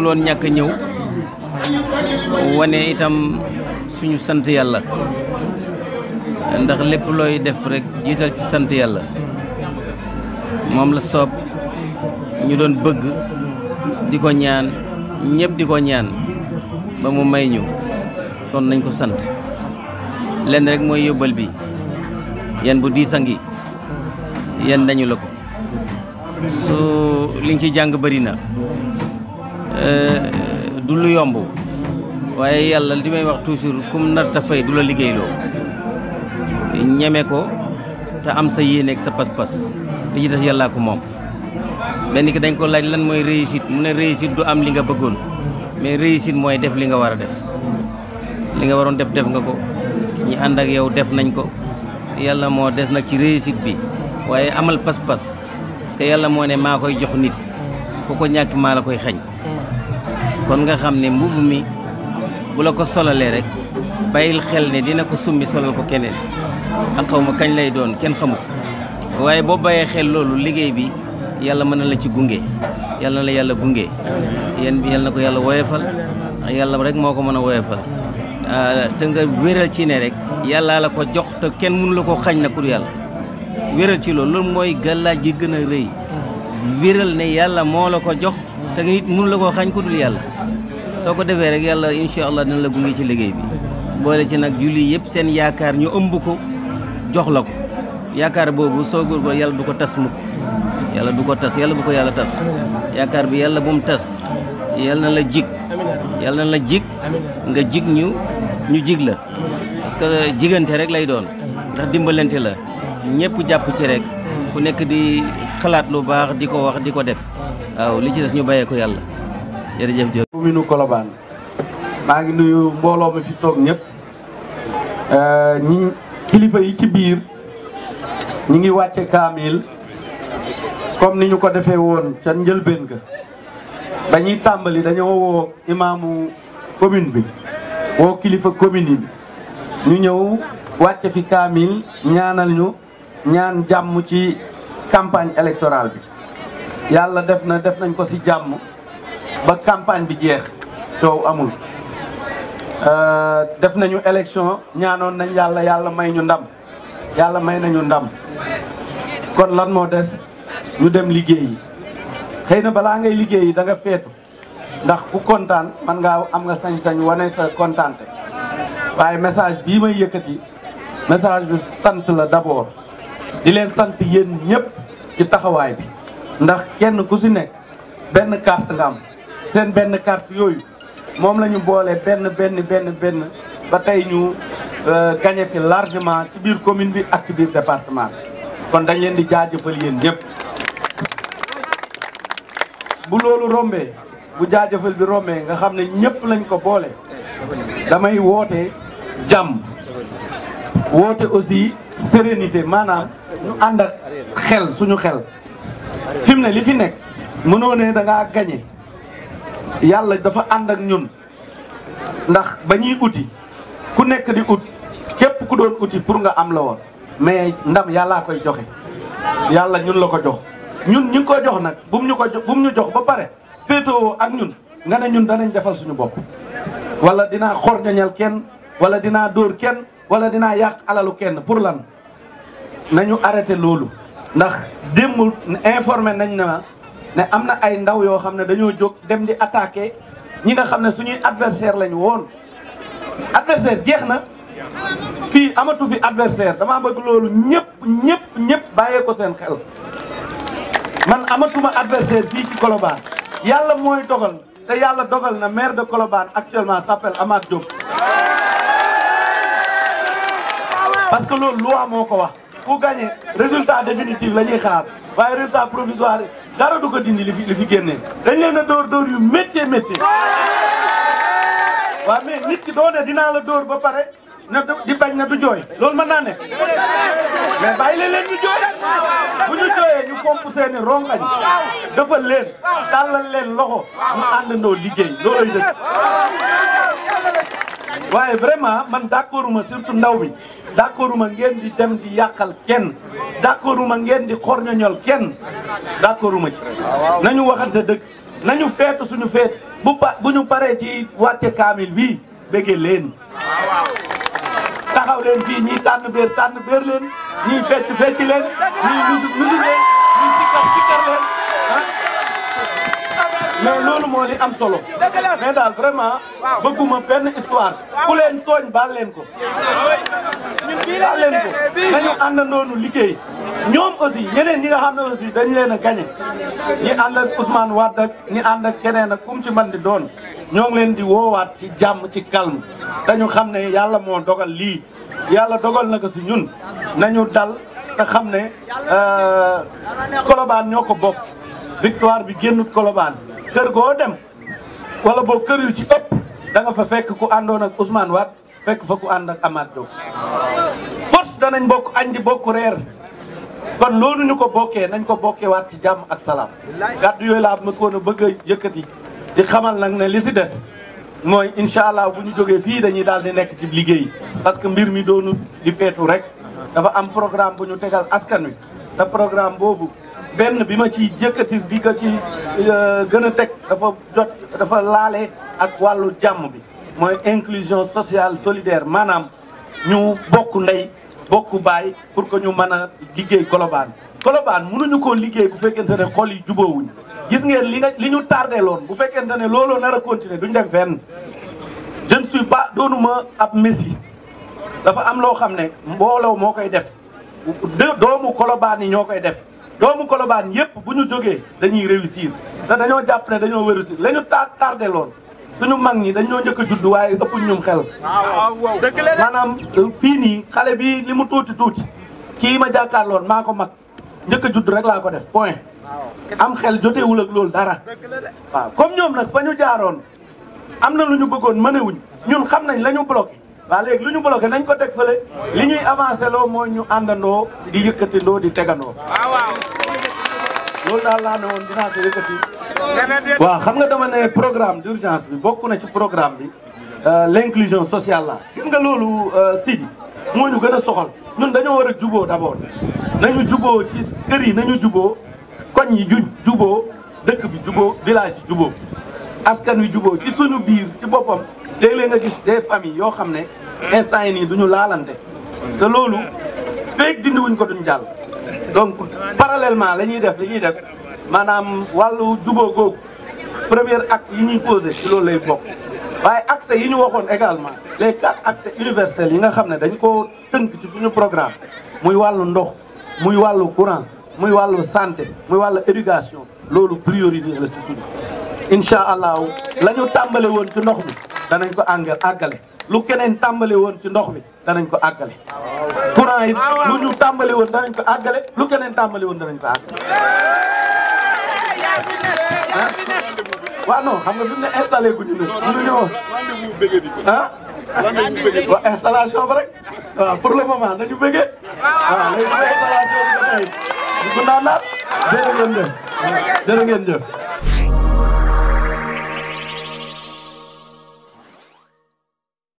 mënuloon ñàkk ñëw wane itam suñu sant yàlla ndax lépp looy def rekk jiital ci sant yàlla moom la soob ñu doon bëgg di ko ñaan ñëpp di ko ñaan ba mu may ñu kon nañ ko sant lenn rek mooy yóbbal bi yan bu diis ngi yan nañu la ko su li ci jàng bëri Euh, du lu yomb waaye yàlla li may wax toujours kum nar ta fay du la liggéeyloo ñeme ko te am sa yéene sa pas li ci des yàllaa ko moom benn ki dañ ko laaj lan mooy réussite mu ne réussite du am li nga bëggoon mais réussite mooy def li nga war a def li nga waroon def def nga ko ñi ànd ak yow def nañ ko yàlla moo des nag ci réussite bi waaye amal pas-pas que yàlla moo ne maa koy jox nit ku ko ñàkk maa la koy xañ kon nga xam ne mbubb mi bu la ko solalee rek bàyyil xel ne dina ko summi solal ko keneen ak xaw ma kañ lay doon kenn xamu waaye boo bàyyee xel loolu liggéey bi yàlla mën na la ci gunge yàlla la yàlla gunge yéen bi yàlla na ko yàlla woyefal yàlla rek moo ko mën a woyefal ah, te nga wéral ci ne rek yàllaa la ko jox te kenn mënula ko xañ na ku yàlla wéral ci loolu loolu mooy gàllaaj gi gën a rëy wéral ne yàlla moo la ko jox te nit mënu la koo xañ ku dul yàlla soo ko defee rek yàlla incha allah dina la gunge ci liggéey bi boole ci nag julli yëpp seen yaakaar ñu ëmb ko jox la ko yaakaar boobu soo góorgóor yàlla du ko tas mukk yàlla du ko tas yàlla bu ko yàlla tas yaakaar bi yàlla bu tas yàlla na la jig yàlla na la jig nga jig ñu ñu jig la parce que jigante rek lay doon ndax dimbalante la ñëpp jàpp ci ku nekk di xalaat lu baax di ko wax di ko def waaw li ci des ñu bàyyee ko yàlla jërëjëf commune Colobane maa ngi nuyu mbooloo mi fi toog ñëpp euh, ñi kilifa yi ci biir ñi ngi wàcce kaamil comme ni ñu ko defee woon ca njëlbeen ga dañuy tàmbali dañoo woo imaamu commune bi woo kilifa commune bi ñu ñëw wàcce fi kaamil ñaanal ñu ñaan jàmm ci campagne électorale bi yàlla def na def nañ ko ci jàmm ba campagne bi jeex soow amul euh, def nañu élection ñaanoon nañ yàlla yàlla may ñu ndam yàlla may nañu ndam kon lan moo des ñu dem liggéeyi xëy na balaa ngay liggéeyi da nga feetu ndax ku kontaan man ngaa am nga sañ-sañ wane sa kontaante waaye message bii may yëkkati message bu sant la d'abord di leen sant yéen ñëpp ci taxawaay bi ndax kenn ku si nekk benn carte nga seen benn carte yooyu moom lañu ñu boole benn benn benn benn ba tey ñu euh, gagné fi largement ci biir commune bi ak ci biir département kon dañ leen di jaajëfal yéen ñëpp bu loolu rombee bu jaajëfal bi rombee nga xam ne ñëpp lañ ko boole damay woote jàmm woote aussi sérénité maanaam ñu ànd xel xel suñu xel fi mu ne li fi nekk mënoo ne da gañe yàlla dafa ànd ak ñun ndax ba ñuy uti ku nekk di ut képp ku doon uti pour nga am la woon mais ndam yàllaa koy joxe yàlla ñun la ko jox ñun ñu ngi ko jox nag bu ñu ko jox bu ñu jox ba pare féetoo ak ñun nga ne ñun danañ defal suñu bopp wala dinaa xorñoñal kenn wala dinaa dóor kenn wala dinaa yàq alalu kenn pour lan nañu arrêté loolu ndax démb informé nañ na ne am na ay ndaw yoo xam ne dañoo jóg dem di attaque ñi nga xam ne suñuy adversaire lañ woon adversaire jeex na fii amatu fi adversaire dama bëgg loolu ñëpp ñëpp ñëpp bàyyee ko seen xel man amatuma adversaire fii ci Colobane yàlla mooy dogal te yàlla dogal na maire de Colobane actuellement s'appelle Amath Diop parce que loolu loi moo ko wax ku gagné résultat définitif la ñuy xaar waaye résultat provisoire dara du ko dindi li fi li dañ leen a dóor dóor yu métti métti waaw mais nit ki doone dinaa la dóor ba pare na di bañ na du jooy loolu mën naa ne mais bàyyi leen leen ñu jooy bu ñu jooyee ñu fomp seeni rongañ dafa leen tàllal leen loxo ñu àndandoo liggéey looloy dëgg waaye vraiment man d'accorduma surtout ndaw bi d'accorduma ngeen di dem di yàqal kenn d'accorduma ngeen di xorñoñol kenn d'accorduma ci nañu waxante dëgg nañu feetu suñu feet bu ba bu ñu paree ci wàcce kaamil bi bëggee leen taxaw leen fii ñii tànn béer tànn béer leen ñii fecc fecc leen ñii musik musik leen ñii sikkar sikkar leen mais loolu moo di am solo mais daal vraiment bëgguma benn histoire ku leen tooñ baal leen ko baal leen ko nañu àndandoo liggéey ñoom aussi ñeneen ñi nga xam ne aussi dañ leen a gañe ñi ànd ak Ousmane Wade ñi ànd ak keneen ak kum ci man di doon ñoo ngi leen di woowaat ci jàmm ci calme dañu xam ne yàlla moo dogal lii yàlla dogal na ko si ñun nañu dal te xam ne euh, Colobane ñoo ko bokk victoire bi génn Colobane kër goo dem wala boo kër yu ci ëpp da fa fekk ku àndoon ak Ousmane Wade fekk fa ku ànd ak Amath Diop force danañ bokk añ di bokk reer kon loolu ñu ko bokkee nañ ko bokkee waat ci jàmm ak salaam kàddu yooyu laa ma koon a bëgg a yëkkati di xamal nag ne li si des mooy incha allah bu ñu jógee fii dañuy daal di nekk ci liggéey parce que mbir mi doonu di feetu rek dafa am programme bu ñu tegal askan wi te programme boobu benn bi ma ci jëkkati bi ka ci euh, gën a teg dafa jot dafa laale ak wàllu jàmm bi mooy inclusion sociale solidaire maanaam ñu bokk ndey bokk baay pour que ñu mën a liggéey Colobane Colobane ñu ko liggéey bu fekkente ne xol yi jubóowuñ gis ngeen li nga li ñu tardé loon bu fekkente ne looloo nar a continuer duñ dem fenn je ne suis doonuma ab messi dafa am loo xam ne mbooloo moo koy def doomu Colobane yi ñoo koy def doomu Colobane yépp bu ñu jógee dañuy réussir te dañoo jàpp ne dañoo réussir la ñu tar tardé lool suñu mag ñi dañoo njëkk a judd waaye ëpp ñum xel maanaam euh, fii nii xale bi li mu tuuti tuuti kii ma jàkkaarloon maa ko mag njëkk judd rek laa ko def point am xel jote ak loolu dara waaw comme ñoom nag fa ñu jaaroon am na lu ñu bëggoon mënewuñ ñun xam nañ la ñu bloqué waaw léegi lu ñu bloqué nañ ko teg fële li ñuy avancé loo mooy ñu àndandoo di yëkkatindoo di tegandoo. waaw waaw. loolu daal laa ne woon dinaa ko yëkkati. waaw xam nga dama ne programme d'urgence bi bokk na ci programme bi euh, l'inclusion sociale la gis nga loolu euh, Sidi moo ñu gën a soxal ñun dañoo war a juboo d'abord nañu juboo ci kër yi nañu juboo koñ yi ju juboo dëkk bi juboo village juboo askan wi juboo ci suñu biir ci boppam léeg-léeg nga gis des familles yoo xam ne instant yi nii du ñu laalante te loolu feeg dindi wuñ ko duñ jàll donc parallèlement la ñuy def li ñuy def maanaam wàllu jubóo googu premier acte yi ñuy posé ci loolu lay bokk waaye accès yi ñu waxoon également les quatre accès universels yi nga xam ne dañ ko tënk ci suñu programme muy wàllu ndox muy wàllu courant muy wàllu santé muy wàllu éducation loolu priorité la ci suñu incha allahu la ñu tàmbale woon ci ndox mi danañ ko àngal àggale lu keneen tàmbali woon ci ndox mi danañ ko àggale courant yi lu ñu tàmbali woon danañ ko àggale lu keneen tàmbali woon danañ ko àggale waaw non xam nga fi mu ne installé gu ñu ne mënuñu woon ah wa installation ba rek waaw pour le moment nañu bëggee waaw léegi installation bi ba tey bu naan naat jërë ngeen jëf jërë ngeen